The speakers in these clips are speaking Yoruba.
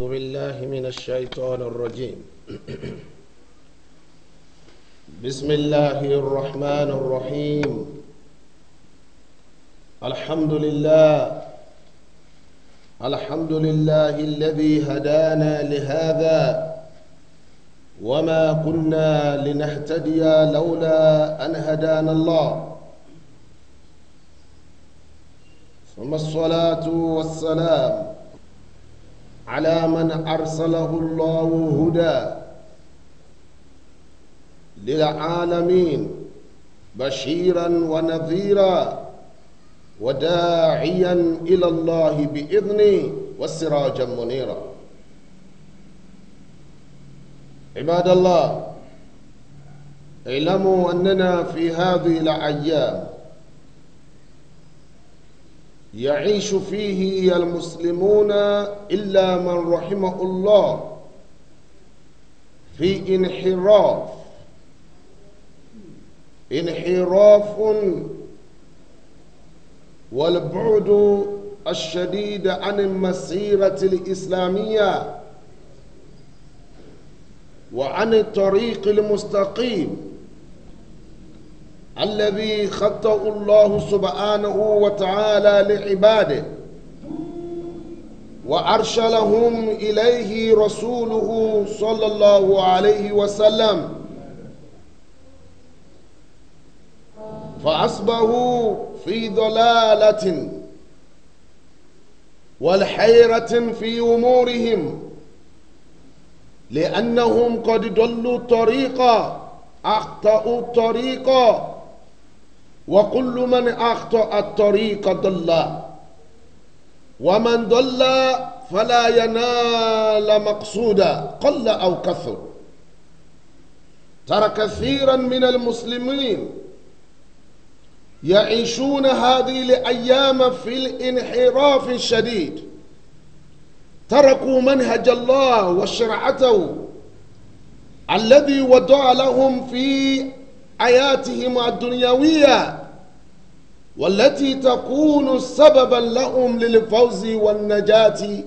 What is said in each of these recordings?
أعوذ بالله من الشيطان الرجيم بسم الله الرحمن الرحيم الحمد لله الحمد لله الذي هدانا لهذا وما كنا لنهتدي لولا أن هدانا الله ثم الصلاة والسلام على من أرسله الله هدى للعالمين بشيرا ونذيرا وداعيا إلى الله بإذنه وسراجا منيرا عباد الله اعلموا أننا في هذه الأيام يعيش فيه المسلمون إلا من رحمه الله في انحراف انحراف والبعد الشديد عن المسيرة الإسلامية وعن الطريق المستقيم الذي خطأ الله سبحانه وتعالى لعباده وأرشلهم إليه رسوله صلى الله عليه وسلم فأصبحوا في ضلالة والحيرة في أمورهم لأنهم قد ضلوا طريقا أخطأوا طريقا وكل من أخطأ الطريق ضل ومن ضل فلا ينال مقصودا قل أو كثر ترى كثيرا من المسلمين يعيشون هذه الأيام في الانحراف الشديد تركوا منهج الله وشرعته الذي وضع لهم في حياتهم الدنيوية والتي تكون سببا لهم للفوز والنجاة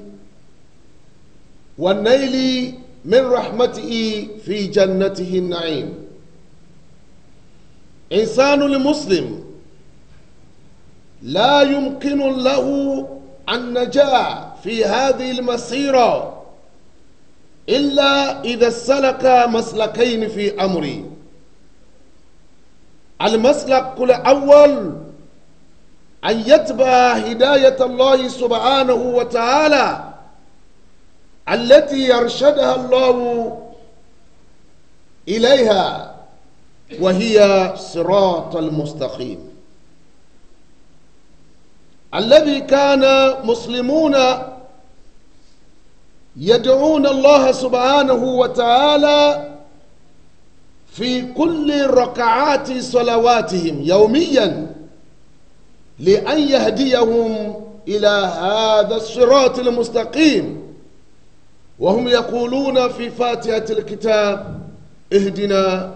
والنيل من رحمته في جنته النعيم إنسان المسلم لا يمكن له النجاة في هذه المسيرة إلا إذا سلك مسلكين في أمره المسلك كل أول أن يتبع هداية الله سبحانه وتعالى التي يرشدها الله إليها وهي صراط المستقيم الذي كان مسلمون يدعون الله سبحانه وتعالى في كل ركعات صلواتهم يوميا لأن يهديهم إلى هذا الصراط المستقيم وهم يقولون في فاتحة الكتاب اهدنا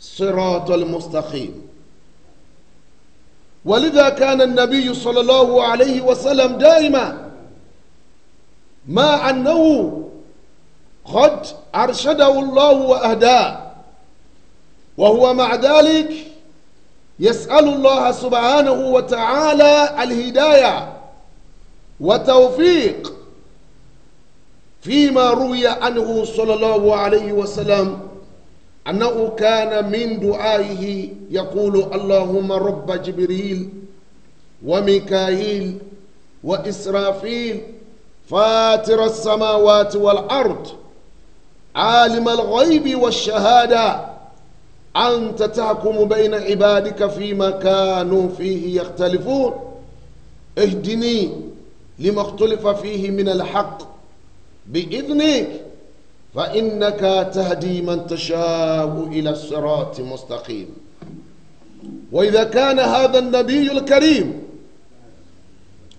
صراط المستقيم ولذا كان النبي صلى الله عليه وسلم دائما ما أنه قد أرشده الله وأهداه وهو مع ذلك يسأل الله سبحانه وتعالى الهداية وتوفيق فيما روي عنه صلى الله عليه وسلم أنه كان من دعائه يقول اللهم رب جبريل وميكائيل وإسرافيل فاتر السماوات والأرض عالم الغيب والشهادة أنت تحكم بين عبادك فيما كانوا فيه يختلفون اهدني لما اختلف فيه من الحق بإذنك فإنك تهدي من تشاء إلى الصراط المستقيم وإذا كان هذا النبي الكريم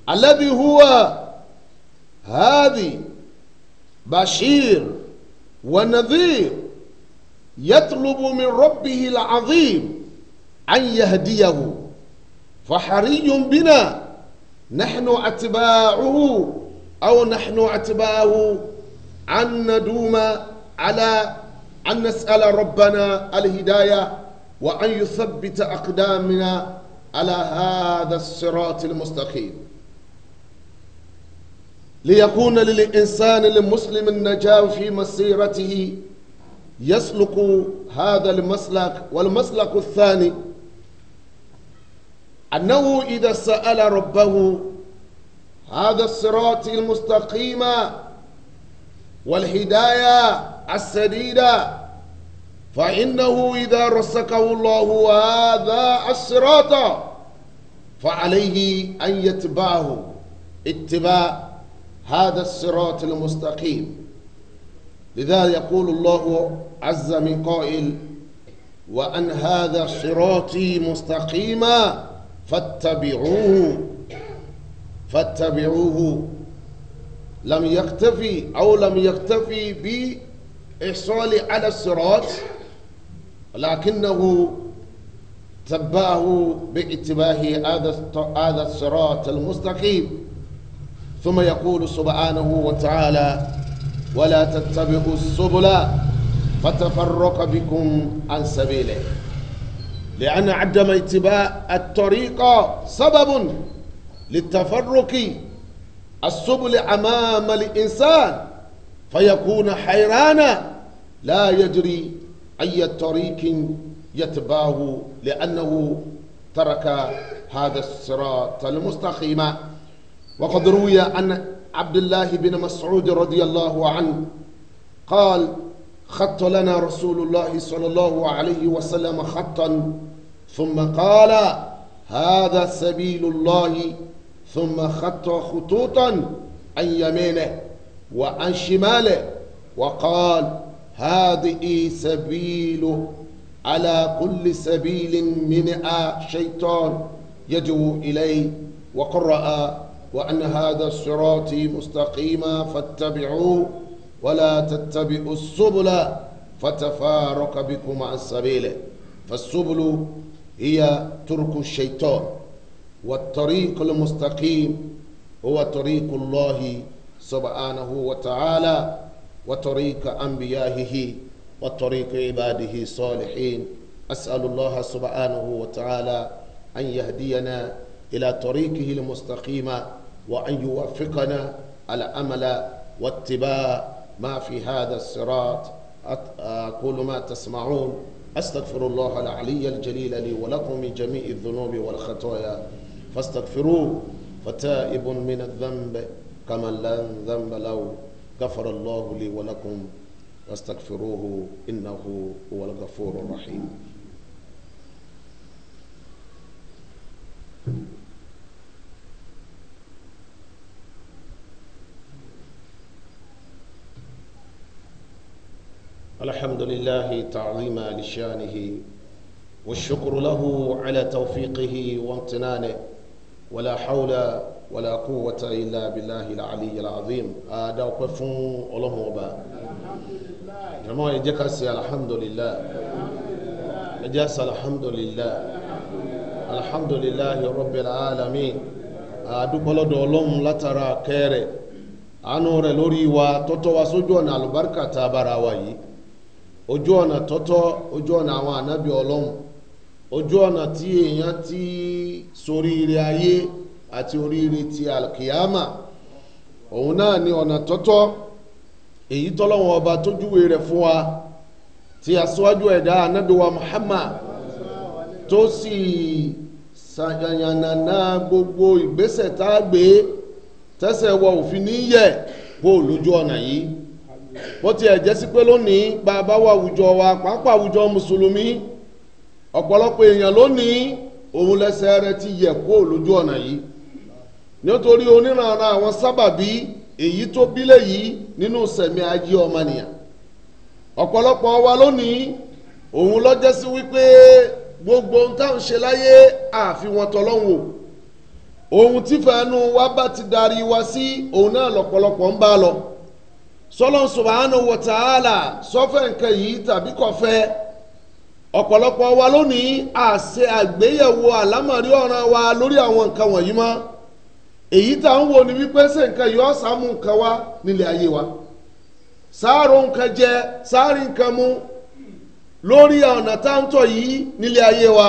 الذي هو هادي بشير ونذير يطلب من ربه العظيم أن يهديه فحري بنا نحن أتباعه أو نحن أتباعه أن ندوم على أن نسأل ربنا الهداية وأن يثبت أقدامنا على هذا الصراط المستقيم ليكون للإنسان المسلم النجاة في مسيرته يسلك هذا المسلك والمسلك الثاني أنه إذا سأل ربه هذا الصراط المستقيم والهداية السديدة فإنه إذا رسكه الله هذا الصراط فعليه أن يتبعه اتباع هذا الصراط المستقيم لذا يقول الله عز من قائل وأن هذا صراطي مستقيما فاتبعوه فاتبعوه لم يكتفي أو لم يكتفي بإحصال على الصراط لكنه تباه باتباع هذا هذا الصراط المستقيم ثم يقول سبحانه وتعالى ولا تتبعوا السبل فتفرق بكم عن سبيله لأن عدم اتباع الطريق سبب للتفرق السبل أمام الإنسان فيكون حيرانا لا يدري أي طريق يتبعه لأنه ترك هذا الصراط المستقيم وقد روي أن عبد الله بن مسعود رضي الله عنه قال خط لنا رسول الله صلى الله عليه وسلم خطا ثم قال هذا سبيل الله ثم خط خطوطا عن يمينه وعن شماله وقال هذه سبيل على كل سبيل منع شيطان يدعو إليه وقرأ وأن هذا صراطي مستقيما فاتبعوه ولا تتبعوا السبل فتفارق بكم عن سبيله فالسبل هي ترك الشيطان والطريق المستقيم هو طريق الله سبحانه وتعالى وطريق أنبيائه وطريق عباده الصالحين أسأل الله سبحانه وتعالى أن يهدينا إلى طريقه المستقيم وأن يوفقنا أمل واتباع ما في هذا الصراط أقول ما تسمعون أستغفر الله العلي الجليل لي ولكم من جميع الذنوب والخطايا فاستغفروه فتائب من الذنب كمن لا ذنب له غفر الله لي ولكم واستغفروه إنه هو الغفور الرحيم الحمد لله تعظيما لشانه والشكر له على توفيقه وامتنانه ولا حول ولا قوة إلا بالله العلي العظيم هذا وقف الله وبا جماعة جكس الحمد لله جاس الحمد لله الحمد لله رب العالمين أدوب لدولهم لترى كيري àánú rẹ̀ lórí wa tó tọ́ wa sójú ọ̀nà ojú ọ̀nà tọ́tọ́ ojú ọ̀nà àwọn ànábì ọlọ́run ojú ọ̀nà tí èèyàn ti soríire ayé àti oríire ti alkiyama òun náà ni ọ̀nà tọ́tọ́ èyí tọ́lọ́wọ́n ọba tójúwe rẹ̀ fún wa tí aṣáájú ẹ̀dá Muhammad tó sì ṣàyànnàná gbogbo ìgbésẹ̀ tá a gbé tẹ́sẹ̀ wa òfin níyẹ̀ bó tiẹ̀ jẹ́ sí pé lónìí bàbá wa àwùjọ wa pàápàá àwùjọ mùsùlùmí ọ̀pọ̀lọpọ̀ èèyàn lónìí òun lẹ́sẹ̀ rẹ̀ ti yẹ̀ kó lójú ọ̀nà yìí nítorí oníranra àwọn sábàbí èyí tó bílẹ̀ yìí nínú sẹ̀mí ayé ọmọnìyàn ọ̀pọ̀lọpọ̀ wa lónìí òun ló jẹ́ sí wípé gbogbo ohun táwọn ṣe láyé àfihàn tọ́lọ́hún o ohun tí wa bá ti darí wa sí òun náà lọ́pọ̀lọpọ̀ ń bá lọ sọlọ́n subhanahu wa ta'ala sọfẹ́ nǹkan yìí tàbí kọfẹ́ ọ̀pọ̀lọpọ̀ wa lónìí àṣẹ àgbéyẹ̀wò àlámọ̀rí ọ̀ràn wa lórí àwọn nǹkan wọ̀nyí mọ́ èyí tá ń wò ni wípé ṣé nǹkan yìí ọ̀sán mú nǹkan wá nílé ayé wa sáàrò nǹkan jẹ sáàrì nǹkan mú lórí ọ̀nà táǹtọ̀ yìí nílé ayé wa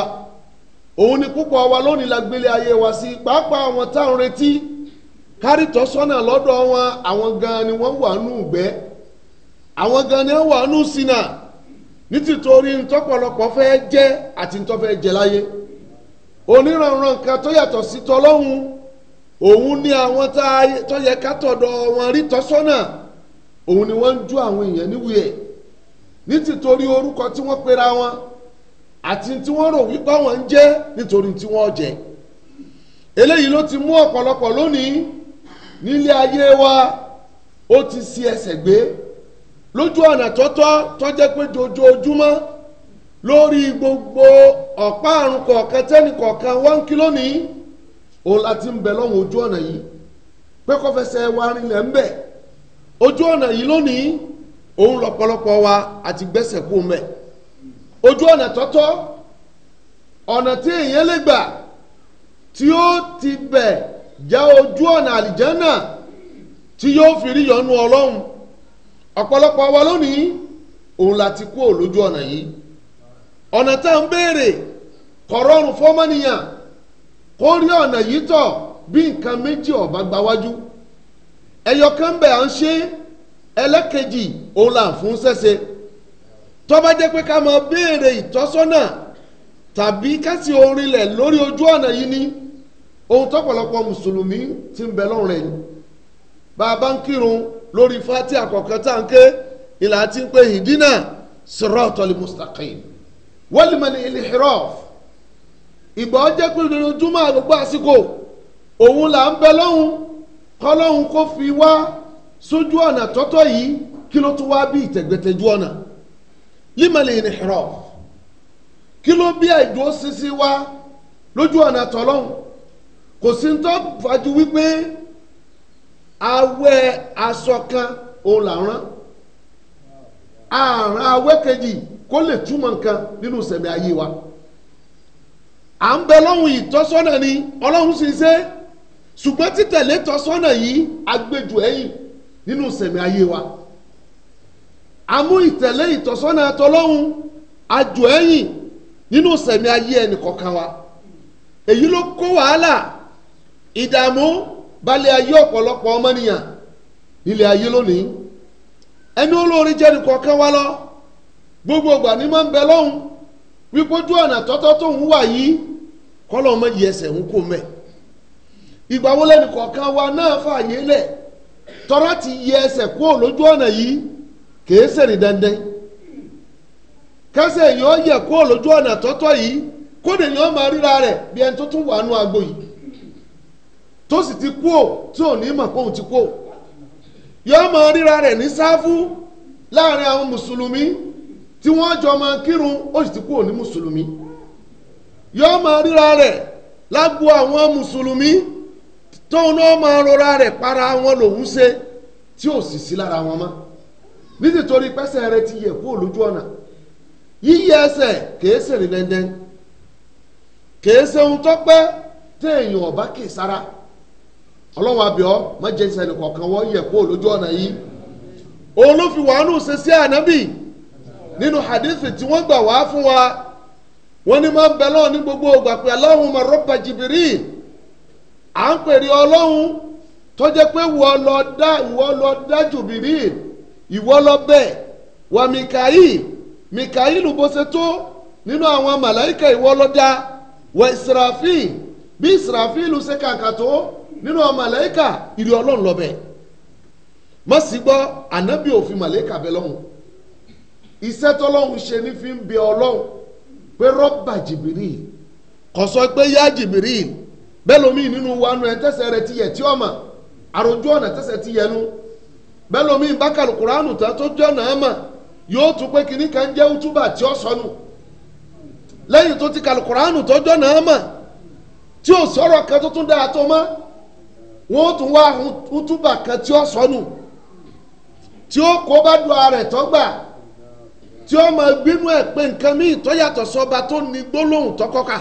òun ni púpọ̀ wa lónìí la gbélé ayé wa sí pàápàá àwọn táwọn retí kárí tọ́sọ́nà lọ́dọ̀ wọn àwọn gan ni wọ́n wà nù gbẹ́ àwọn gan ni wọ́n wà nù sínà nítìtorí ntọ́pọ̀lọpọ̀ fẹ́ jẹ́ àti ntọ́fẹ́ jẹ láyé oníranran kan tó yàtọ̀ sí tọlọ́hun òun ní àwọn tó yẹ ká wọn rí tọ́sọ́nà òun ni wọ́n ń ju àwọn èèyàn níwèé ẹ̀ nítìtorí orúkọ tí wọ́n pera wọn àti tí wọ́n rò wípé àwọn ń jẹ́ nítorí tí wọ́n jẹ eléyìí ló ti mú ọ̀pọ̀lọpọ̀ lónìí nílé ayé wa ó ti si ẹsẹ̀ gbé lójú ọ̀nà tọ́tọ́ tọ́jẹ́ pé dojoojúmọ́ lórí gbogbo ọ̀pá àrùn kọ̀ọ̀kan tẹ́nì kọ̀ọ̀kan one kilo ní òun láti ń bẹ lọ́wọ́ ojú ọ̀nà yìí pé kọ́fẹsẹ̀ wa rinlẹ̀ ń ojú ọ̀nà yìí lónìí òun wa àti gbẹ́sẹ̀ kú mẹ́ ojú ọ̀nà tọ́tọ́ ọ̀nà tí èèyàn lè gbà tí ó ti bẹ̀ jẹ́ ojú ọ̀nà àlìjẹ́nà tí yóò fi rí yọ́nú ọlọ́run ọ̀pọ̀lọpọ̀ wa lónìí òun la ti kúrò lójú ọ̀nà yìí ọ̀nà tá n béèrè kọ̀rọ̀rùn fọ́mọ́nìyàn kó rí ọ̀nà yìí tọ̀ bí nǹkan méjì ọ̀bá gbáwájú ẹyọ kan bẹ̀ à ń ṣe ẹlẹ́kejì òun là ń fún sẹ́sẹ́ tó jẹ́ pé ká máa béèrè ìtọ́sọ́nà tàbí orin lẹ̀ lórí ojú ọ̀nà yìí ni. ohun tọ́pọ̀lọpọ̀ mùsùlùmí ti ń bẹ lọ́rùn rẹ̀ bàbá ń kírun lórí fati àkọ́kọ́ tá à ń ké ìlà àti pé ìdínà sirotoli mustaqim wọ́lìmọ̀lì ilhiraf ìgbọ́ jẹ́ pé lójoojúmọ́ àgbègbè àsìkò òun là ń bẹ lọ́hùn kọ́lọ́hùn kó fi wá sójú ọ̀nà tọ́tọ́ yìí kí ló tún wá bí ìtẹ̀gbẹ̀tẹ̀jú ọ̀nà kò sí tó fàájú wípé awẹ́ aṣọ kan òun là rán àrùn awẹ́ kejì kó lè túmọ̀ nǹkan nínú sẹ̀mí ayé wa à ń bẹ lọ́hùn ni ọlọ́hun sì ń ṣe ṣùgbọ́n títẹ̀lé tọ́sọ́nà yìí agbẹ́jù ẹ̀yìn nínú sẹ̀mí ayé wa ìtẹ̀lé ìtọ́sọ́nà ajù ẹ̀yìn nínú sẹ̀mí ìdààmú balẹ̀ ayé ọ̀pọ̀lọpọ̀ ọmọnìyàn nílẹ̀ ayé lónìí ẹni olórin jẹ́ nìkan wá lọ gbogbo ní máa ń bẹ lọ́hùn wípé ojú ọ̀nà tọ́tọ́ tó ń wà yìí kọ́lọ́ ọmọ yìí ẹsẹ̀ ń kó mẹ́ ìgbà wo lẹ́nu kọ̀ọ̀kan náà lẹ̀ tọ́lá ti yẹ ẹsẹ̀ lójú ọ̀nà yìí dandan kẹsẹ̀ tó sì ti kú ò tí ò ní mọ̀ pé òun ti kú ò yóò mọ ríra rẹ̀ ní sáfù láàrin àwọn mùsùlùmí tí wọ́n jọ máa kírun ó sì ti kú ò ní mùsùlùmí yóò mọ ríra rẹ̀ lágbo àwọn mùsùlùmí tóun náà máa rora rẹ̀ para wọn lòún ṣe tí ò sì sí lára wọn mọ́ nítorí pẹ́sẹ̀ rẹ ti yẹ̀ kúrò lójú ọ̀nà yíyí ẹsẹ̀ kìí sèrè dẹ́ndẹ́n kìí ṣe ohun téèyàn ọ̀bá kì sára ọlọ́wọ́ abiọ́ mọ́jẹ́ ìsẹ̀lẹ̀ kọ̀ọ̀kan wọ́n yẹ kó lójú ọ̀nà yìí òun ló fi wàánù ṣe sí ànábì nínú hadith tí wọ́n gbà wá fún wa wọ́n ní máa ń bẹ lọ́wọ́ ní gbogbo ògbà pé Allahumma rabba Jibril à ń pèrè ọlọ́run tó jẹ́ pé wọ́ lọ dá ìwọ lọ dá Jibril ìwọ lọ bẹ̀ wà Mikail Mikail bó ṣe tó nínú àwọn màláìkà ìwọ lọ dá wà Israfil bí Israfil ṣe kàkà tó. nínú ọmọ màláìkà ìrì ọlọ́run lọ bẹ́ẹ̀ má sì gbọ́ ànábì òfin màláìkà bẹ́ẹ̀ lọ́hùn iṣẹ́ fi ń bẹ pé rọ́bà jìbìrì kò sọ pé yá jìbìrì bẹ́ẹ̀ nínú wa nu rẹ ti yẹ tí ọmọ àròjù ọ̀nà ti yẹnu bẹ́ẹ̀ bákàlù tán tó yóò tún pé kínní kan jẹ́ tí ó sọnù lẹ́yìn tó ti kàlù tó wọ́n tún wá tútúbà kan tí ó sọnù tí ó kó bá du ara rẹ̀ tọ́gbà tí ó máa gbínú ẹ̀ pé nǹkan míì tó yàtọ̀ sọba tó ní gbólóhùn tọkọ́ka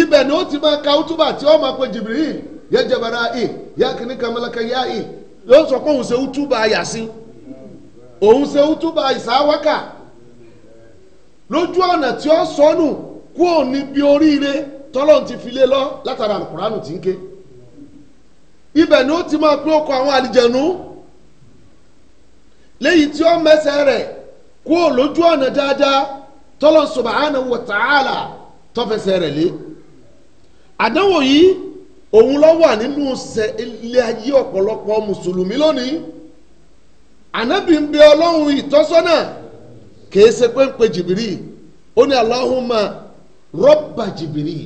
ibẹ̀ ni ó ti máa ka tútúbà tí ó máa pe jìbìrì yẹ jẹbẹrẹ ì yẹ kìnnì kàmẹlẹkẹ yá ì yóò sọ pé òun ṣe tútúbà yàsí òun ṣe tútúbà ìsáwákà lójú ọ̀nà tí ó sọnù kúò níbi oríire tọ́lọ́run ti fi lọ látara àlùkùránù tí ń ké. ibẹ̀ ni ó ti máa pín okùn àwọn àlìjẹ̀nú léyìí tí ó mẹ́sẹ̀ rẹ̀ kú lójú ọ̀nà dáadáa tọ́lọ̀ subhanahu wa ta'ala tọ́fẹsẹ̀ rẹ̀ lé àdánwò yìí òun ló wà nínú ilé ayé ọ̀pọ̀lọpọ̀ mùsùlùmí lónìí ànábì ń bẹ ọlọ́run ìtọ́sọ́nà pé ń pe jìbìrì ó ní Allahumma rabba jìbìrì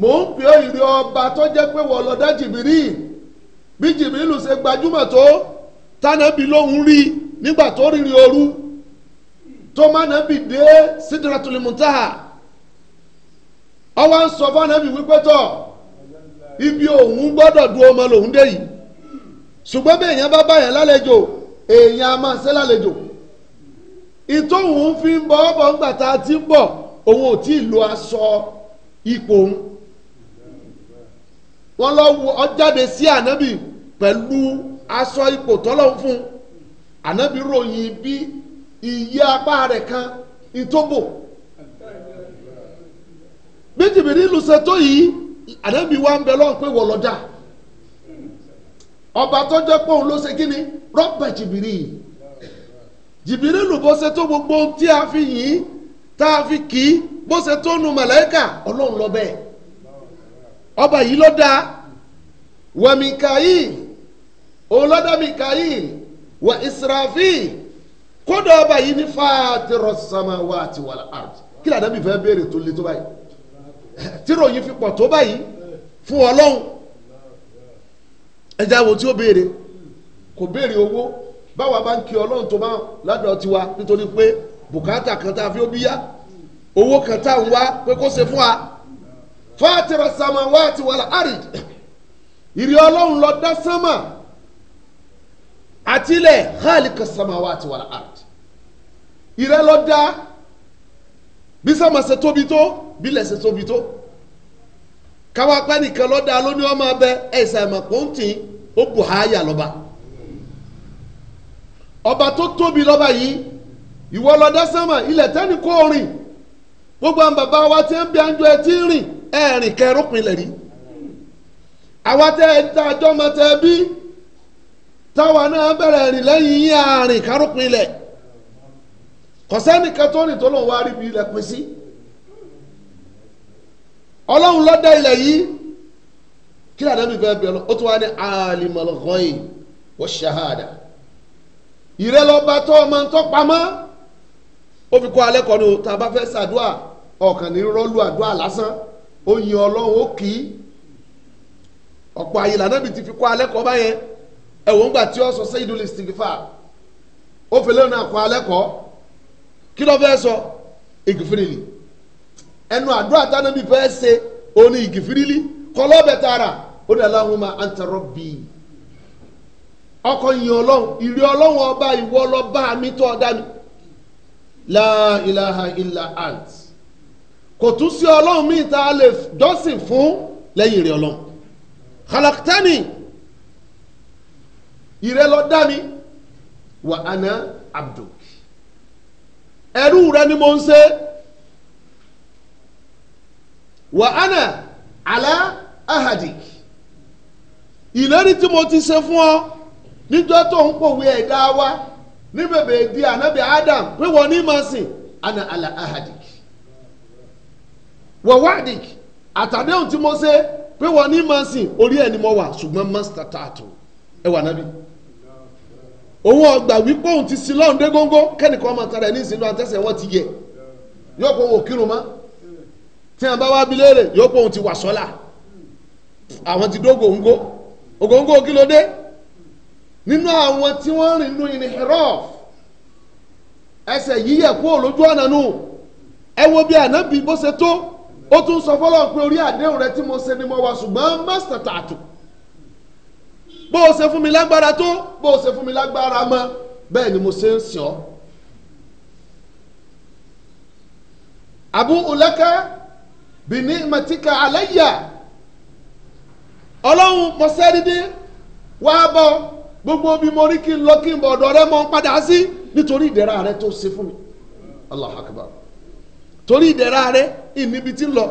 mò ń pè ọba tó jẹ́ pé wọ́n lọ dá jìbìrì bí jìbìrì ṣe gbajúmọ̀ tó tánàbí lòún rí nígbà tó ooru tó má nàbí dé sidratul ọwọ́ ń sọ wípé tọ̀ ibi òun gbọ́dọ̀ du ọmọ lòún dé yìí ṣùgbọ́n bí èèyàn bá báyàn lálejò èèyàn a máa ṣe lálejò ìtòhùn fi ń lo aṣọ ipò wọ́n lọ ọ jáde sí ànábì pẹ̀lú aṣọ ipò tọ́lọ̀ fún un ànábì ròyìn bí iye apá rẹ̀ kan ìtóbò bí jìbìrì ìlú ṣe tó yìí ànábì wa ń bẹ lọ́n pé wọ́n lọ́jà ọba tó jẹ́ pé ló ṣe kíni rọ́bà jìbìrì jìbìrì ìlú bó ṣe tó gbogbo tí a fi yìn tá a fi kì í bó ṣe tó nu màláíkà ọlọ́run lọ bẹ́ẹ̀ ọba yìí ló dáa wà mikael òun ló dá mikael wà israfil kódà ọba yìí ní fàtírọ samawati wal ard kí làdá mi fẹ́ béèrè tó le tó báyìí tírò yìí fi pọ̀ tó báyìí fún ọlọ́run ẹja wo tí ó béèrè kò béèrè owó báwa bá ń kí ọlọ́run tó bá ládàá tiwa nítorí pé bùkátà kan tá a fi ó bí yá owó kan tá a ń wá pé kó ṣe fún wa fàtẹ̀rẹ̀ samawati wàlà àrìd ìrì ọlọ́run ló dá sánmà àtìlẹ̀ khaliqa samawati wàlà àrìd ìrẹ́ ló dá bí sánmà ṣe tóbi tó bílẹ̀ ṣe tóbi tó káwá pẹ́ nìkan ló dá lóní ọmọ abẹ ẹ̀sẹ̀ ẹ̀mọ̀ pọ́ńtì ó bù háyà lọ́ba ọba tó tóbi lọ́ba yìí ìwọ ló dá sánmà ilẹ̀ tẹ́ni kò rìn gbogbo àwọn bàbá wa ti ń bí àjọ ẹ ti ń rìn ẹ̀rìn kẹrùpin lẹ̀ rí àwa tẹ ẹ ta a máa tẹ ẹ bí táwa náà bẹ̀rẹ̀ rìn lẹ́yìn yín àrìn kárùpin ilẹ̀ kọ̀sẹ́nìkan tó tó lòun wá rí bí ilẹ̀ pín sí ọlọ́run ilẹ̀ yìí kí ó tún wá ní ọmọ tó pamọ́ ó fi o tá a bá fẹ́ ṣàdúà oyin ọlọ́run ó kì í ọ̀pọ̀ àyè lànàbì ti fi kọ́ alẹ́ báyẹn ẹ̀wọ̀n gbà tí ó sọ sẹ́yìn dúró ìsìnkìfà ó fẹ́lẹ́ náà kọ́ alẹ́ kí ló fẹ́ sọ ìgìfìrìlì ẹnu àdúrà tánàbì fẹ́ ṣe òní ìgìfìrìlì kọlọ́bẹ̀ tààrà ó ní Allahumma anta rabbi ọkọ̀ yin ọlọ́run ìrì ọlọ́run ọba ìwọ lọ́ba mi tọ́ ọ̀dá mi la ilaha illa ant kò tún sí ọlọ́run míì tá a lè jọ́sìn fún lẹ́yìn rẹ̀ ọlọ́run khalaqtani ìrẹ́ lọ dá mi wà ana abdul ẹrú rẹ ni mo ń ṣe wà ana ala ahadi. ìlérí tí mo ti ṣe fún ọ níjọ́ tó ń pòwe ẹ̀dá wa ní bèbè di ànábì adam pé wọ́n ní màá ana ala ahadi. wọ́n wádìí àtàdéhùn tí mo ṣe pé wọ́n ní máa sìn orí ẹ̀ ni wà ṣùgbọ́n master tattoo ẹ wà nábì òun ọgbà wípé òun ti sin lọ́run dé góńgó kẹ́nìkan ọmọ tara ẹ̀ ní ìsinú ti yẹ yóò pọ̀ òun kírun mọ́ tí wọn bá wá bi léèrè yóò òun ti wà sọ́là ti ògóńgó nínú àwọn ó tún sọ fọlọ́ pé orí àdéhùn rẹ tí mo ṣe ni mo wà ṣùgbọ́n mọ́sítà tààtù bó o ṣe fún mi lágbára tó bó o ṣe fún mi lágbára mọ́ bẹ́ẹ̀ ni mo ṣe ń sìn ọ́. Abu Ulaka bìní matika aláyà ọlọ́run mo ṣẹ́ dídí wá bọ́ gbogbo bí mo rí kí n lọ kí n bọ̀ ọ̀dọ̀ rẹ mọ́ padà sí nítorí ìdẹ̀ra rẹ tó ṣe fún mi. Allah akbar. torí ìdẹ̀ra rẹ ìmíbi lọ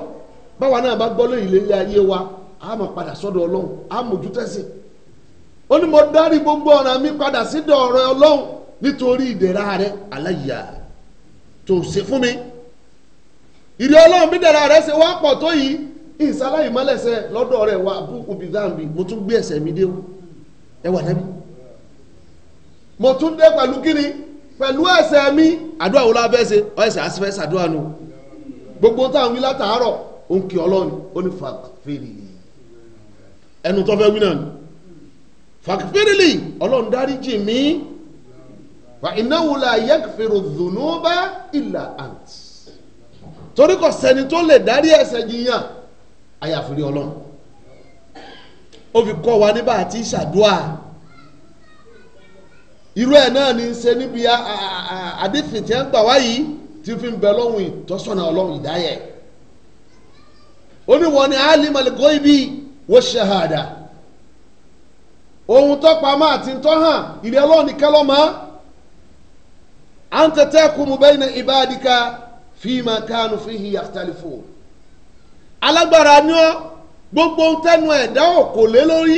báwa náà bá gbọ́ lóyìn ayé wa a máa padà sọ́dọ̀ ọlọ́run a mójú tẹ́sìn ó ní mo dárí gbogbo ọ̀ràn mi padà sí ọ̀rọ̀ ọlọ́run nítorí rẹ aláyà tó ṣe fún mi ìrì ọlọ́run bí rẹ ṣe wá pọ̀ tó yìí mọ́lẹ́sẹ̀ lọ́dọ̀ wà bú mo tún gbé ẹsẹ̀ mi dé o ẹ wà mo tún dé pẹ̀lú kíni pẹ̀lú ẹsẹ̀ mi gbogbo táwọn wí látàárọ̀ ó ń kí ọlọ́run ó ní fàkfèrè ẹnu tó fẹ́ wí náà ni fàkfèrè lè ọlọ́run dáríjì mí wa ináwó la yẹ́kfèrè dùnúbà ìlà àǹtí torí kò sẹ́ni tó lè dárí ẹ̀ṣẹ̀ jiyàn àyàfi ọlọ́run ó fi kọ́ wa níbà àti ṣàdúà irú ẹ̀ náà ni ń ṣe níbi àdéfìtì ẹ̀ ń gbà wá tí fi ń bẹ lọ́hùn ìtọ́sọ́nà ọlọ́hùn ìdáyẹ̀ ó ní wọ́n ní alimul ghaibi wa shahada ohun tó pamọ́ àti tó hàn ìrẹ́ ọlọ́hùn nìkan ló mọ̀ anta tahkumu bayna ibadika fi kanu fihi yakhtalifun alágbára ni ọ́ gbogbo tẹnu ẹ̀dá òkò lé lórí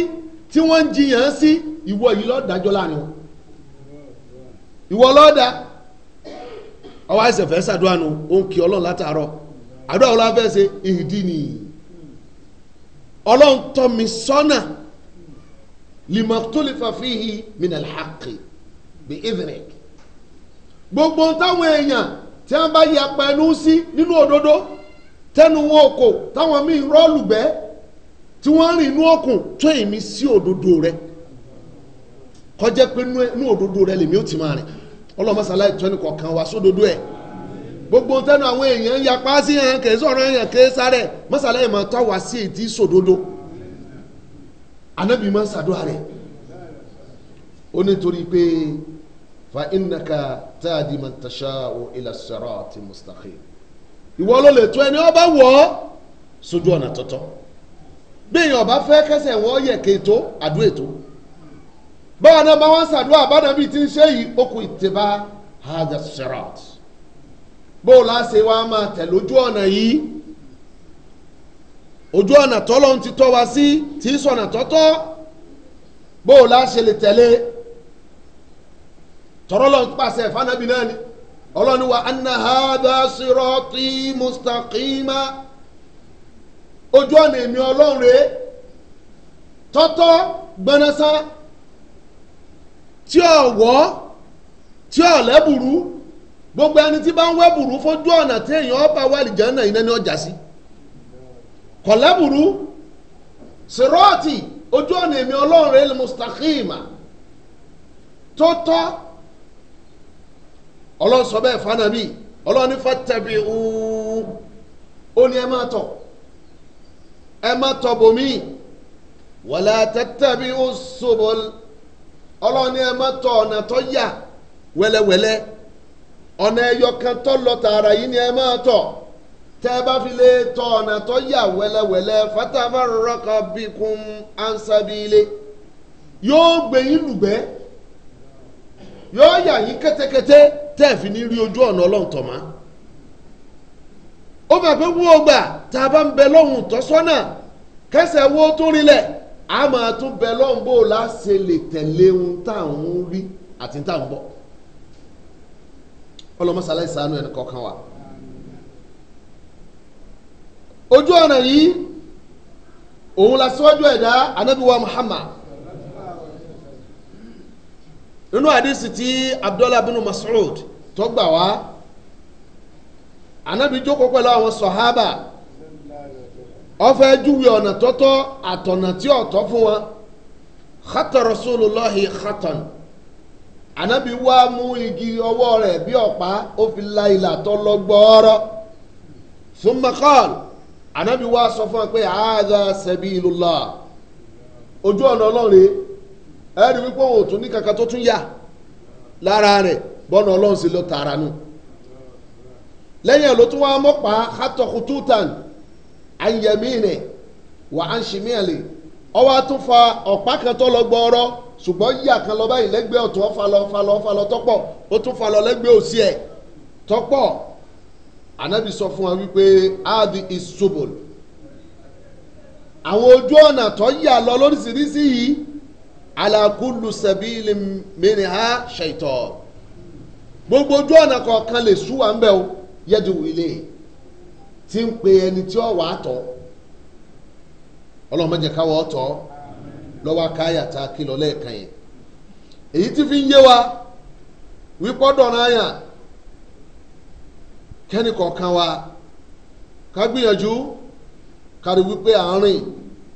tí wọ́n ń jiyàn sí ìwọ yìí ló dájọ́ láàrin ìwọ ló dá ọwọ́ àìsàn fẹ́ sàdúrà nu ó ń kí ọlọ́run látàárọ̀ àdúrà wọn láfẹ́ ṣe ìdí nìyí ọlọ́run tọ́ mi sọ́nà limaktolifa fihi minal haqi bi idrik gbogbo táwọn èèyàn tí wọ́n bá yà pẹ̀lú sí nínú òdodo tẹnu wọn kò táwọn míì rọ́ọ̀lù bẹ́ẹ̀ tí wọ́n rìn inú òkun tó èmi sí òdodo rẹ kọjá pé inú òdodo rẹ lèmi ó ti máa rìn ọlọ́mọsálá ìtọ́ni kọ̀ọ̀kan wá sódodo ẹ̀ gbogbo tẹnu àwọn èèyàn ń yapa sí hàn kè sọ̀rọ̀ yàn kè sáré mọ́sálá ìmọ̀ tọ́ wá sí ètí sódodo anábì máa ń ṣàdúrà rẹ̀ ó nítorí pé fa innaka táàdì man tasha'u ila sirati mustaqim ìwọ ló lè tó ẹni ọba wọ̀ ọ́ sójú ọ̀nà tọ̀tọ̀ bí èèyàn ọba fẹ́ kẹsẹ̀ wọ́n yẹ̀ kéètó àdúrà ètò báwa náà bá wọn ṣàdúrà àbádàbí ti ń ṣe yìí ó kù ìtìbá hadha sirat bóòlù àṣẹ wa máa tẹ̀ lójú ọ̀nà yìí ojú ọ̀nà tọ́lọ́hún ti tọ́ wa sí tí sọ̀nà tọ́tọ́ bóòlù àṣẹ lè tẹ̀lé tọ́lọ́hún pàṣẹ ìfànàbí náà ni ọlọ́ni wa anna hadha sirati mustaqima ojú ọ̀nà èmi ọlọ́run rèé tọ́tọ́ gbọ́nasán tí ò wọ́ tí ò lẹ́bùrú gbogbo ẹni tí bá ń wẹ́bùrú fojú ọ̀nà tí èèyàn ọba wà lìjẹ́ náà iná ni ọjà sí kọ̀ lẹ́bùrú sèrọ́ọ̀tì ojú ọ̀nà èmi ọlọ́run rẹ̀ mustaqima tó tọ́ ọlọ́run bẹ́ẹ̀ fanabi ọlọ́run fatabi ooo ó ní ẹ máa tọ̀ ẹ máa tọ̀ bòmíì wala tattabi'u subul. ọlọ́ni ẹ má tọ ọ̀nà tó yà wẹ́lẹ́wẹ́lẹ́ ọ̀nà ẹyọ kan lọ tààrà ni ẹ ma tọ̀ tẹ́ ẹ bá fi lè tọ ọ̀nà tó yà wẹ́lẹ́wẹ́lẹ́ fatafarraqa bikum an sabili yóò gbé yín lùgbẹ́ yóò yà yín kẹ́tẹ́kẹ́tẹ́ tẹ́ fi ní rí ojú ọ̀nà ọlọ́run tọ̀ mọ́ ó bàbá tàbá ń bẹ lọ́hùn tọ́sọ́nà kẹsẹ̀ wo a máa tún bẹ lọ́nbó láṣẹ lè tẹ̀lé ohun táwọn rí àti táwọn bọ̀ ọlọmọsàlá ìsànú ẹni kọ̀ọ̀kan wa ojú ọ̀nà yìí òun la síwájú ẹ̀dá anábíwá Muhammad nínú àdísì tí Abdullah bin Mas'ud tó gbà wá anábí jókòó pẹ̀lú àwọn sọ̀hábà ọfẹ júwe ọ̀nà tọ́tọ́ àtọ̀nà tí ọ̀tọ́ fún wọn xata rasulillahi xatan anabi wa mú igi ọwọ́ rẹ̀ bí ọ̀pá ó fi la ìlà tó lọ gbọ́ọ́rọ́ summa qal anabi wa sọ fún wa pé hadha sabilullah ojú ọ̀nà ọlọ́run ẹ̀rí wípé òun ò tún ní kankan tó tún yà lára rẹ̀ bọ́nà ọlọ́run sì lọ tààrà nù lẹ́yìn ẹ̀ ló tún wá mọ́pàá xatọ̀ kututan. anyamine wà á ń ṣìmíàlè ọwọ́ tún fa ọ̀pá kan tó lọ gbọ́ọ́rọ́ ṣùgbọ́n yíyà kan lọ báyìí lẹ́gbẹ̀ẹ́ ọ̀tún ọ̀falọ̀ falọ̀ falọ̀ tọ́pọ̀ ó tún falọ̀ lẹ́gbẹ̀ẹ́ òsì ẹ̀ tọ́pọ̀ ànábì sọ fún wa wípé áàdì ìṣubùl àwọn ojú ọ̀nà tó yà lọ lóríṣiríṣi yìí alakulu gbogbo ojú ọ̀nà kọ̀ọ̀kan lè sú wa ń bẹ̀ tí ń pe ẹni tí ọ wà á tọ́ ọlọ́run má jẹ́ káwọ́ tọ́ lọ́wọ́ tá a kìlọ̀ lẹ́ẹ̀kan yẹn èyí ti fi ń yé wa wípọ́ dọ̀nà àyàn kẹ́ni kọ̀ọ̀kan wa ká gbìyànjú kárí wípé à ń rìn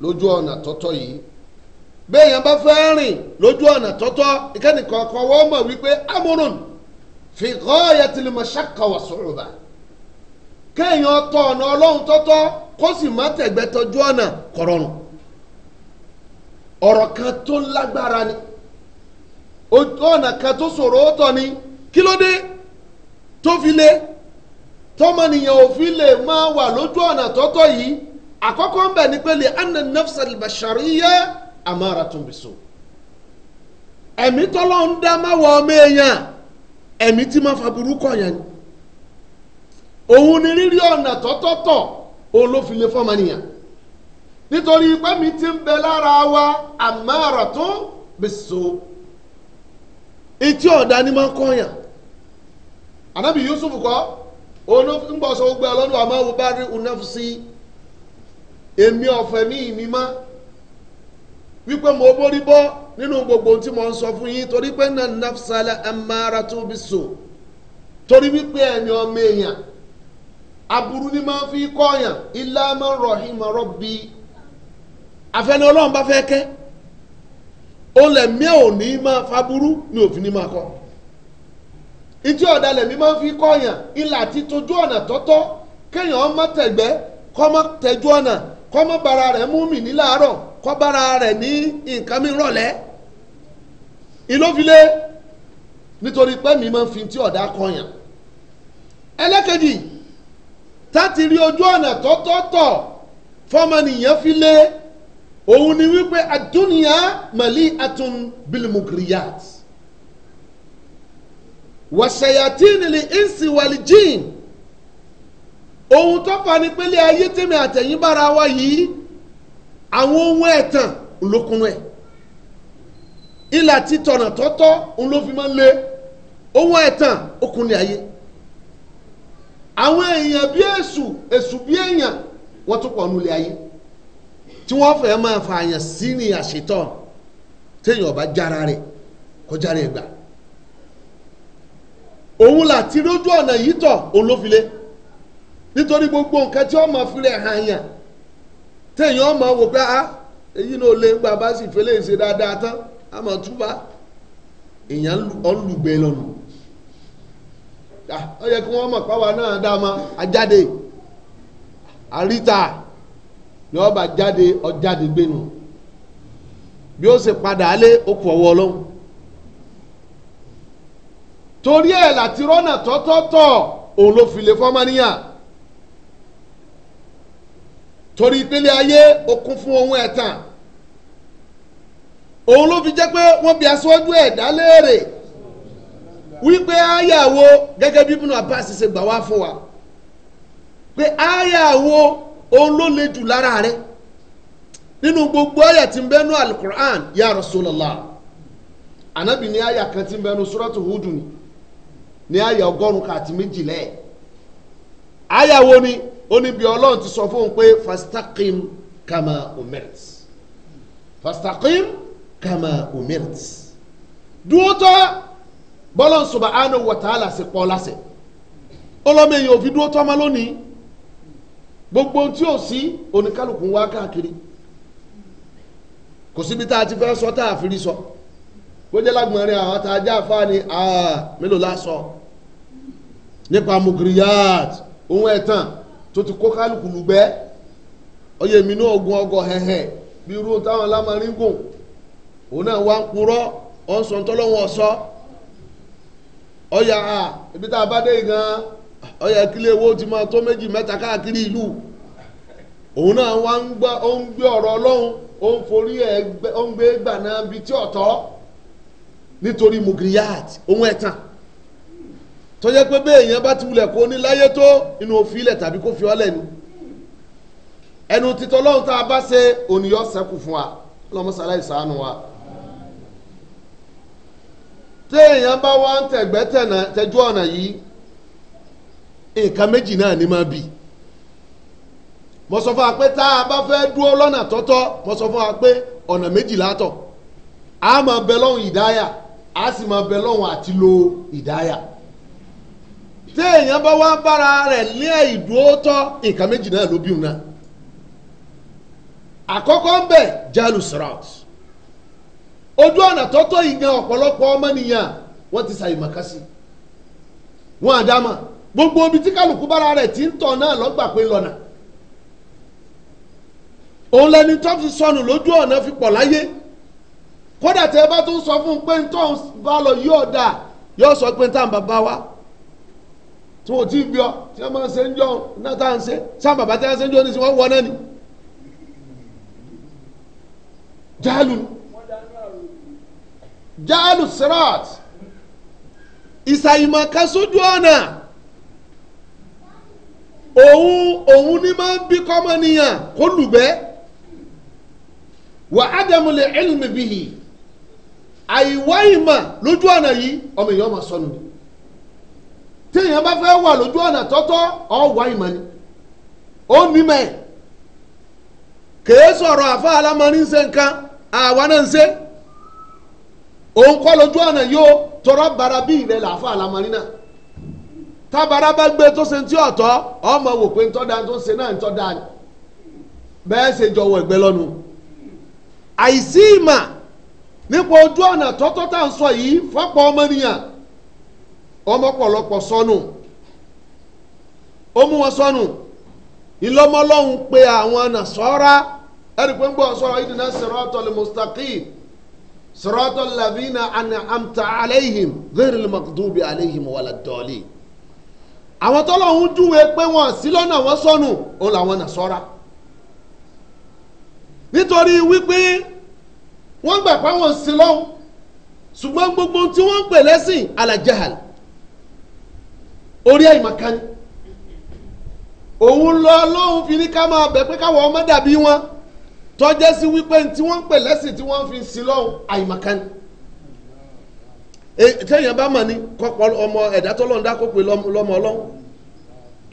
lójú ọ̀nà tọ́tọ́ yìí béèyàn bá fẹ́ rìn lójú ọ̀nà tọ́tọ́ ìkẹ́ni kọ̀ọ̀kan wọ́n mọ̀ wípé amúrùn fi ghayatil mashaqqa wa kéèyàn tọ ọ̀nà ọlọ́run tọ́tọ́ kó sì má tẹ̀gbẹ́ tọ́jú ọ̀nà kọ̀rọ̀rùn ọ̀rọ̀ kan tó lágbára ni ọ̀nà kan tó ṣòro ó tọ́ ni kí ló dé tó fi lé tọ́mọnìyàn òfin lè máa wà lójú ọ̀nà tọ́tọ́ yìí àkọ́kọ́ ń bẹ̀ ni pé lè anna nafsa al-bashariyya amaratun so ẹ̀mí tọ́lọ́ ń dá máwọ̀ ọmọ èèyàn ẹ̀mí tí máa fa burúkọ̀ yẹn ni. òun ni rírí ọ̀nà tọ́tọ́tọ̀ òun ló fi lè fọ́mọnìyàn nítorí ipá mi ti ń bẹ lára wa àmọ́ ọ̀rọ̀ tó bẹ̀sọ̀ etí ọ̀dà ni máa ń kọ́yàn ànábì Yusuf kọ́ òun ló ń bọ̀ sọ ọlọ́dún àmọ́ wo bá rí unafsi èmi ọ̀fẹ́ mi ìmí má wípé mo gbogbo tí mo ń sọ fún yín torí pé náà nafsala amara tó bẹ̀sọ̀ torí aburú ni máa fi kọ́yàn ilá máa rọ̀hìn máa rọ̀ bí afẹ́ni ọlọ́run bá fẹ́ kẹ́ ó lẹ̀ mí ò ní máa faburú ni òfin ní máa kọ́ ìtí ọ̀dà lẹ̀ mí máa fi kọ́yàn ilà àti tójú ọ̀nà tọ́tọ́ kéèyàn má tẹ̀gbẹ́ kó má tẹ̀jú ọ̀nà kó má bara rẹ̀ mú mi ní láàárọ̀ kó bara rẹ̀ ní nǹkan mi rọ̀lẹ́ ìlófilé nítorí pé mi máa fi ti ọ̀dà kọ́yàn ẹlẹ́kẹ̀jì táti rí ojú ọ̀nà tọ́tọ́tọ̀ fọmọnìyàn fi lé òun ni wípé àdúnìyà màlí atún bilimukriyat wàṣẹyàtìní lè ìsìn wàlìjìn ohun tó fà ní pélé ayé tèmi àtẹ̀yìn bára wa yìí àwọn ohun ẹ̀tàn olókùnrin ẹ̀ ilà títọ̀nà tọ́tọ́ òun ló fi máa ń lé ohun ẹ̀tàn okùnrin ayé. àwọn èèyàn bí èṣù èṣù bí èèyàn wọ́n tún pọ̀ nulẹ̀ ayé tí wọ́n fẹ́ máa fa àyàn sí ní àṣetọ́ téèyàn ọba jára rẹ̀ kọjá rẹ̀ gbà òun là ti rójú ọ̀nà yìí tọ̀ òun ló fi nítorí gbogbo nǹkan tí wọ́n máa fi rẹ̀ hàn yàn téèyàn ọmọ wò pé a ah, èyí bá sì ṣe dáadáa tán Ah, ó yẹ kí wọ́n mọ̀ páwa náà dá ma ajáde àríta ni wọ́n bá jáde ọjáde gbénu bí ó sì padà alé okùn ọwọ́ ọlọ́run torí ẹ̀ láti rọ́nà tọ́tọ́tọ́ òun ló fi lè fọ́mọ́níyàn torí ìpele ayé ó kún fún ohun ẹ̀tàn òun ló fi jẹ́ pé wọ́n bí aṣáájú ẹ̀dá léèrè. wípé áyàwó gẹ́gẹ́ bí Ibn Abbas ṣe gbà wá fún wa pé áyàwó òun jù lára rẹ nínú gbogbo àyà tí ń bẹ alukur'an ya rasulallah anabi ní àyà kan tí ń bẹ nú ni ní àyà ọgọ́rùn kàti méjìlá ni ó ọlọ́run ti sọ fóun pé fastaqim kama omert fastaqim kama dúró bọ́lọ́n subhanahu wa ta'ala sì pọ̀ lásẹ̀ ọlọ́mọ èèyàn òfin dúró tọ́mọ lónìí gbogbo tí ò sí oníkálukú wá káàkiri kò síbi tá a ti fẹ́ sọ tá a fi rí sọ bójú lágbọ̀nrín àwọn tá a já mélòó sọ nípa mugriyat ohun ẹ̀tàn tó ti kó kálukú lùgbẹ́ ọyẹ mi ọgọ hẹhẹ bí irú táwọn gùn òun náà wá ń purọ́ ọ̀yà ibi tá a bá dé gan ọ̀yà kílé owó ti máa tó méjì mẹ́ta káàkiri ìlú òun náà wá ń gbọ́ ó ń gbé ọ̀rọ̀ ọlọ́run ó ń forí gbé gbàná tí nítorí mugriyat ohun ẹ̀tàn tó jẹ́ pé bẹ́ẹ̀ yẹn bá ti wulẹ̀ kó ní láyé tó inú fi ọlẹ̀ nu ẹnu títọ́ lọ́hùn tá a bá ṣe òníyọ́ sẹ́kù fún wa ọlọ́mọ sàlàyé wa. téèyàn bá wá ń tẹ̀gbẹ́ tẹ̀jú ọ̀nà yìí nǹkan méjì náà ni máa bì mo sọ fún wa pé tá a bá fẹ́ dúró lọ́nà tọ́tọ́ mo sọ fún wa pé ọ̀nà méjì látọ̀ a máa bẹ lọ́hùn ìdáyà a sì máa bẹ lọ́hùn rẹ̀ ní nǹkan méjì náà ló bí òun náà àkọ́kọ́ ń bẹ̀ ojú ọ̀nà tọ́tọ́ ìgan ọ̀pọ̀lọpọ̀ ọmọnìyàn wọ́n ti ṣàyè màkà sí wọn gbogbo omi tí kálukú bára rẹ̀ ti ń tọ̀ náà lọ́gbà pé lọ́nà òun lẹni tó fi sọnù lójú ọ̀nà fi pọ̀ láyé kódà bá sọ fún un pé tó sọ pé tá wa tí wọ́n ti ọ tí wọ́n máa ń ṣe ń jọ náà tá à ń jáàlù sirat ìsàyìmọ̀kan sójú ọ̀nà òun òun ni máa ń bí kọ́mọnìyàn kó lùgbẹ́ wà ádámùlẹ̀ ẹ̀lùmí bìhì àìwá ìmọ̀ lójú ọ̀nà yìí ọmọ èèyàn máa sọnù ni téèyàn bá fẹ́ wà lójú ọ̀nà tọ́tọ́ ọ̀ ìmọ̀ ni ó nímọ̀ kèé sọ̀rọ̀ àfa alámọ̀ ní ṣe nǹkan àwa náà ń ṣe òun kọ́ lójú ọ̀nà yóò tọrọ bara bí ilẹ̀ làáfà àlàmọ́rí náà tábàrà bá gbé tó ṣe ti ọ̀tọ̀ ọmọ wò pé ntọ́da tó ṣe náà ntọ́da bẹ́ẹ̀ ṣe jọwọ́ ẹgbẹ́ lọ́nu àìsí ìmà nípa ojú ọ̀nà tọ́tọ́ tá à ń sọ yìí fọ́pọ̀ ọmọnìyàn ọmọpọ̀lọpọ̀ sọnù ó mú wọn sọnù ìlọmọlọ́hún pé àwọn nàṣọ́ra pé ń sirata ladhina an'amta alayhim ghayril عليهم alayhim waladdallin àwọn tọ́lọ́hún júwe pé wọ́n sí lọ́nà wọ́n sọnù ó làwọn nà sọ́ra nítorí wípé wọ́n gbà pé wọ́n sí lọ́hún ṣùgbọ́n gbogbo tí wọ́n ń pè lẹ́sìn alajahal orí àìmọ̀kan òun lọ lọ́hún fi ní ká máa bẹ̀ pé káwọn ọmọ dàbí wọn tọ́jẹ́ sí wípé tí wọ́n ń pè lẹ́sìn tí wọ́n fi sin lọ́hùn àìmọ̀kan e, tẹ́yìn bá mọ̀ ni kọ́pọ̀ ọmọ ẹ̀dá tó lọ́n dá kó pe lọ́mọ ọlọ́hun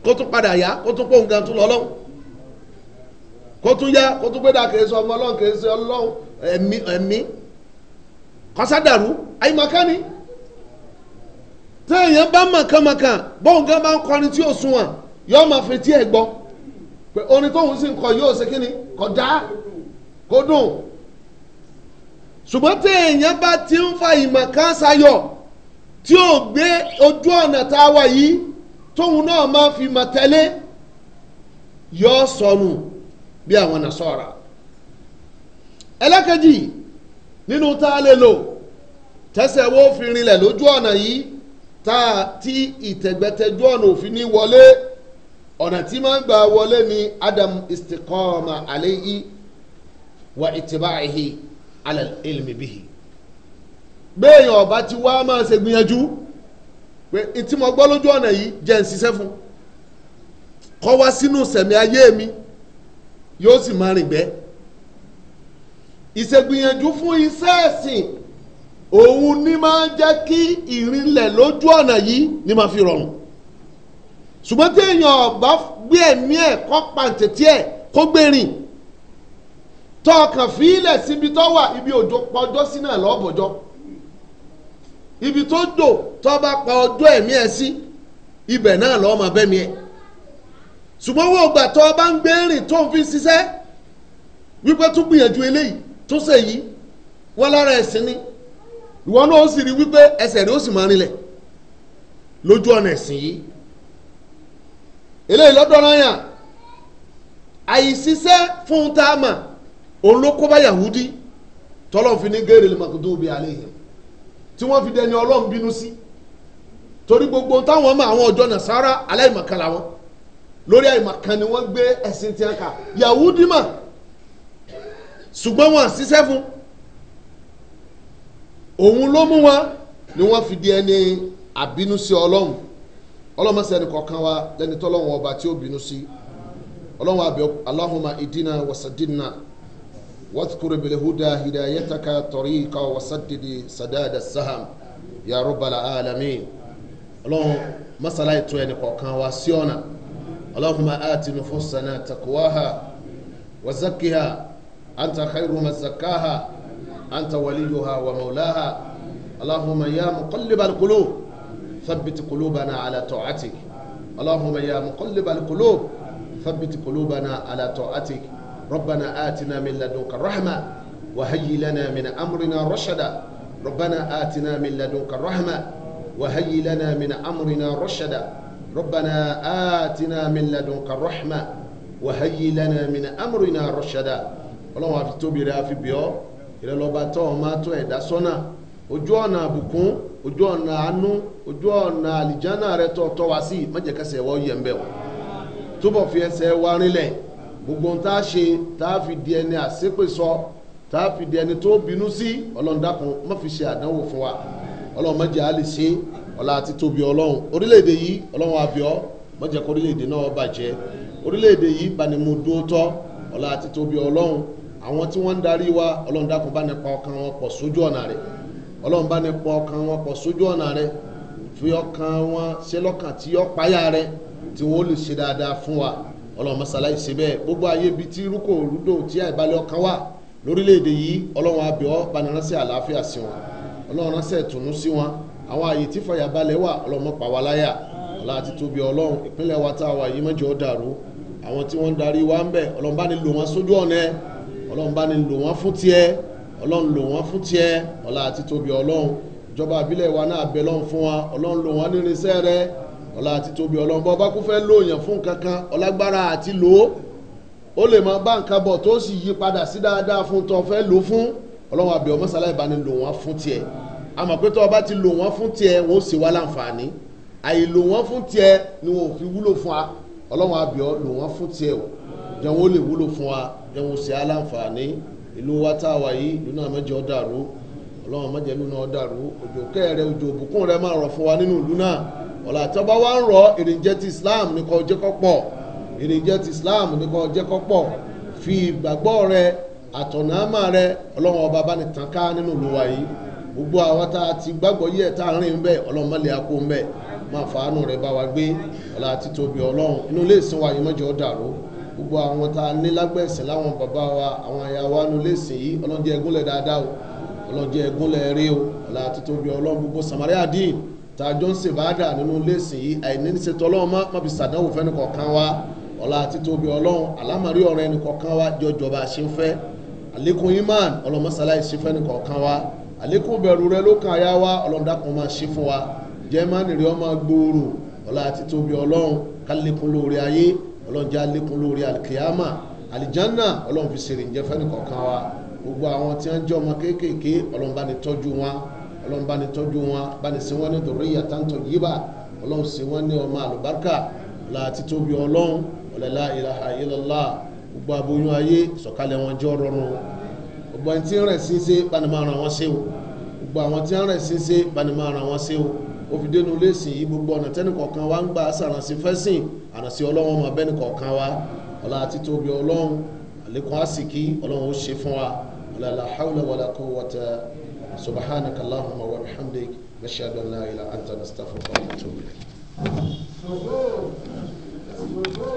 kó tún padà yá kó tún pòun gan tún lọ ọlọ́hun kó tún yá kó tún gbéra kèé sọ ọmọ ọlọ́hun kèé sọ ọlọ́hun ẹ̀mí ẹ̀mí kọ́sádàrú àìmọ̀kan ni tẹ́yìn bá mọ̀ kánmọ̀kan bóun gan bá ń kọrin tí ò sunwọ̀n yọ́ọ́ máa fi tí ẹ̀ gbọ́ pé orin tóun sì ń kọ yóò ṣe kí kọjá kó dùn ṣùgbọ́n tí èèyàn bá ti ń fa ìmọ̀ kan sayọ̀ tí ò gbé ojú ọ̀nà tá a wà yìí tóun náà máa fi mọ̀ tẹ́lẹ̀ yọ sọnù bí àwọn nàṣọ́ra ẹlẹ́kẹ̀jì nínú tá a lè lò tẹ́sẹ̀ wo fi rinlẹ̀ lójú ọ̀nà yìí tá a ti ìtẹ̀gbẹ́tẹ̀jú ọ̀nà òfin ní wọlé ọ̀nà tí máa ń gbà wọlé ni adam istikọ́ọ̀mà àléyìí wa ìtìbáyìí alẹ́ ilmi bihi béèyàn ọba ti wá máa ṣe gbìyànjú pé ìtì mo gbọ́ lójú ọ̀nà yìí jẹ́ ń ṣiṣẹ́ fún kọ́ wá sínú sẹ̀mí ayé mi yóò sì máa rìn gbẹ́ ìṣègbìyànjú fún iṣẹ́ ẹ̀sìn òun ni máa ń jẹ́ kí ìrìnlẹ̀ lójú ọ̀nà yìí ni máa fi rọrùn ṣùgbọ́n tí ọba gbé ẹ̀mí ẹ̀ kọ́ pàǹtẹ̀tì ẹ̀ kó gbé tọkàn fílẹ̀ síbi tó wà ibi òjò pọjọ́ sí náà lọ́bọ̀jọ́ ibi tó dò tó bá pa ọjọ́ ẹ̀mí ẹ̀ sí ibẹ̀ náà lọ́ọ́ máa bẹ́mi ẹ̀ ṣùgbọ́n wọ́n gbà tó bá ń gbé rìn tó ń fi ṣiṣẹ́ wípé tó gbìyànjú eléyìí tó ṣe yìí wọ́n lára ẹ̀sìn ni ìwọ náà ó sì rí wípé ẹsẹ̀ rẹ̀ ó sì máa rinlẹ̀ lójú ọ̀nà ẹ̀sìn yìí eléyìí lọ́dọ̀ náà yàn àìsíṣẹ́ fún tá a mà òun ló kó bá yahudi tọ́lọ́ fi ní gẹ́rẹ́ lẹ́mọ̀kúndóbi àlẹ́yìn tí wọ́n fi dẹni ọlọ́run bínú sí torí gbogbo táwọn ọmọ àwọn ọjọ́ nàṣàrà aláìmọ̀kan làwọn lórí àìmọ̀kan ni wọ́n gbé ẹ̀sìn tí wọ́n kà yahudi mà ṣùgbọ́n wọn ṣiṣẹ́ fún òun ló mú wọn ni wọ́n fi di ẹni àbínú sí ọlọ́run ọlọ́run sẹ́ni kọ̀ọ̀kan wa lẹ́ni tọ́lọ́run ọba tí ó bínú sí ọlọ́run àbẹ̀ Allahumma ìdínà wàsàdínà. واذكر بالهدى هدايتك طريقا وسدد سداد السهم يا رب العالمين اللهم مسألة يتوين قوكان واسيونا اللهم آت نفوسنا تقواها وزكها أنت خير من زكاها أنت وليها ومولاها اللهم يا مقلب القلوب ثبت قلوبنا على طاعتك اللهم يا مقلب القلوب ثبت قلوبنا على طاعتك ربنا آتنا من لدنك رحمة وهيئ لنا من أمرنا رشدا ربنا آتنا من لدنك رحمة وهيئ لنا من أمرنا رشدا ربنا آتنا من لدنك رحمة وهيئ لنا من أمرنا رشدا ọlọ́run àfi tóbi rẹ̀ àfi bíọ́ ìrẹ́lọ́ba tó ọmọ tó ẹ̀dá sọ́nà ojú ọ̀nà àbùkún ojú ọ̀nà àánú ojú ọ̀nà àlìjánà rẹ̀ tó tọ́ wá sí májẹ̀kẹsẹ̀ wọ́ yẹ̀ ń bẹ̀ wọ́n túbọ̀ fi ẹsẹ̀ wá rinlẹ̀ gbogbo tá a ṣe tá a fi di ẹni àṣepè sọ tá a fi di ẹni tó bínú sí ọlọ́run dákun má fi ṣe àdánwò fún wa ọlọ́run má jẹ́ a lè ṣe ọlá àti tóbi ọlọ́run orílẹ̀-èdè yìí ọlọ́run àbíọ́ má jẹ́ kó orílẹ̀-èdè náà bàjẹ́ orílẹ̀-èdè yìí bani mo dúró tọ́ ọlá àti tóbi ọlọ́run àwọn tí wọ́n ń darí wa ọlọ́run dákun bá ọkàn wọn pọ̀ sójú ọ̀nà rẹ̀ ọlọ́run bá nípa ọkàn wọn pọ̀ sójú ọ̀nà rẹ̀ fi ọkàn wọn ṣe lọ́kàn tí yọ páyà rẹ̀ tí wọ́n lè ṣe dáadáa fún wa ọlọ́run mọ́sálá ìṣe bẹ́ẹ̀ gbogbo ayé ibi tí rúkò rúdò tí àìbalẹ̀ ọkàn wà lórílẹ̀‐èdè yìí ọlọ́run abẹ́ ọ bani ránṣẹ́ àlàáfíà sí wọn ọlọ́run ránṣẹ́ ìtùnú sí wọn àwọn àyè tí fàyàbalẹ̀ wà ọlọ́run mọ́ pa wá láyà ọlá àti tóbi ọlọ́run ìpínlẹ̀ wa tá a wà yìí mọ́jọ́ dàrú àwọn tí wọ́n ń darí wa ń bẹ̀ ọlọ́run bá ní lò wọ́n ọlá àti tóbi ọlọ́run bọ́ bá kú fẹ́ lóyàn fún kankan ọlágbára àti lò ó ó lè máa bá nǹkan bọ̀ tó sì yí padà sí dáadáa fún tó fẹ́ lò fún ọlọ́run àbẹ̀ ọmọ sálá ìbáni lò wọ́n fún tiẹ̀ àmọ́ pé tó o bá ti lò wọ́n fún tiẹ̀ wọ́n ó sì wá láǹfààní àìlò wọ́n fún tiẹ̀ ni wọ́n ò fi wúlò fún wa ọlọ́run àbẹ̀ ọ lò wọ́n fún tiẹ̀ o jẹun ó lè wúlò fún wa jẹun ó sì á láǹfààní ìlú wa tá a wà yìí ìlú náà mẹ́jọ dàrú ọlọ́run mẹ́jẹ ìlú náà dàrú òjò kẹ́ẹ̀rẹ́ òjò òbùkún rẹ máa rọ̀ fún wa nínú ìlú náà ọ̀la tí wọ́n bá ń rọ èròjẹ́ ti Islam ní kó jẹ́ kó ti Islam ní kó jẹ́ kó pọ̀ fi ìgbàgbọ́ rẹ àtọ̀nàmà rẹ ọlọ́run ọba bá ní tàn ká nínú olùwà yìí gbogbo àwọn tá a ti gbàgbọ́ yẹ tá a rìn bẹ́ẹ̀ ọlọ́run má lè akó bẹ́ẹ̀ máa fàánù rẹ bá wa gbé ọ̀la títóbi ọlọ́run inú ilé ìsìn wa yìí mọ́jọ́ dàrú gbogbo àwọn tá a ní lágbẹ̀sẹ̀ láwọn bàbá wa àwọn àyà wa inú ilé ìsìn yìí ọlọ́run jẹ́ ẹgúnlẹ̀ dáadáa o ọlọ́run jẹ́ ẹgúnlẹ̀ rí o ọ̀la títóbi ọlọ́run gbogbo samaria dín tàjọ ń ṣe bàdà nínú lẹ́sìn yìí àìní ṣe tọ́lọ́run mọ́ má fi ṣàdánwò fẹ́ni kọ̀ọ̀kan wa ọlá títóbi ọlọ́run àlámàrí ọ̀rọ̀ ẹni kọ̀ọ̀kan wa jọjọba ṣe ń fẹ́ àlékún imán ọlọ́mọsálá ìṣe fẹ́ni kọ̀ọ̀kan wa àlékún bẹ̀rù rẹ ló kan aya wa ọlọ́run dákun máa ṣe fún wa jẹ́mánì rí ọmọ gbòòrò ọlá títóbi ọlọ́run kálékún lórí ayé ọlọ́run jẹ́ àlékún lórí alikiyama alijanna ọlọ́run ọlọ́run bá ní tọ́jú wọn bá ní sin wọn ní dòríyà táǹtọ̀ yíbà ọlọ́run sin wọn ní ọmọ àlùbáríkà láti tóbi ọlọ́run ọ̀lẹ́lá ìlàhà ìlọ́lá gbogbo aboyún ayé sọ̀kalẹ̀ wọn jẹ́ rọrùn gbogbo àwọn tí ń rẹ̀ sí ṣe bá ní máa ṣe o gbogbo àwọn tí ń rẹ̀ sí ṣe bá ní máa ṣe o ó fi dénú léèsì yìí gbogbo ọ̀nà tẹ́nìkọ̀ọ̀kan wa ń gbà sàrànsí fẹ́sìn àrànsí ọlọ́run ọmọ abẹ́nìkọ̀ọ̀kan wa ọlá àti tóbi ọlọ́run àlékún àsìkí ọlọ́run ó ṣe fún wa ọlá làhàwùlẹ̀ wàlàkọ̀ wọ̀tẹ́ سبحانك اللهم وبحمدك نشهد أن لا إله إلا أنت نستغفرك ونتوب إليك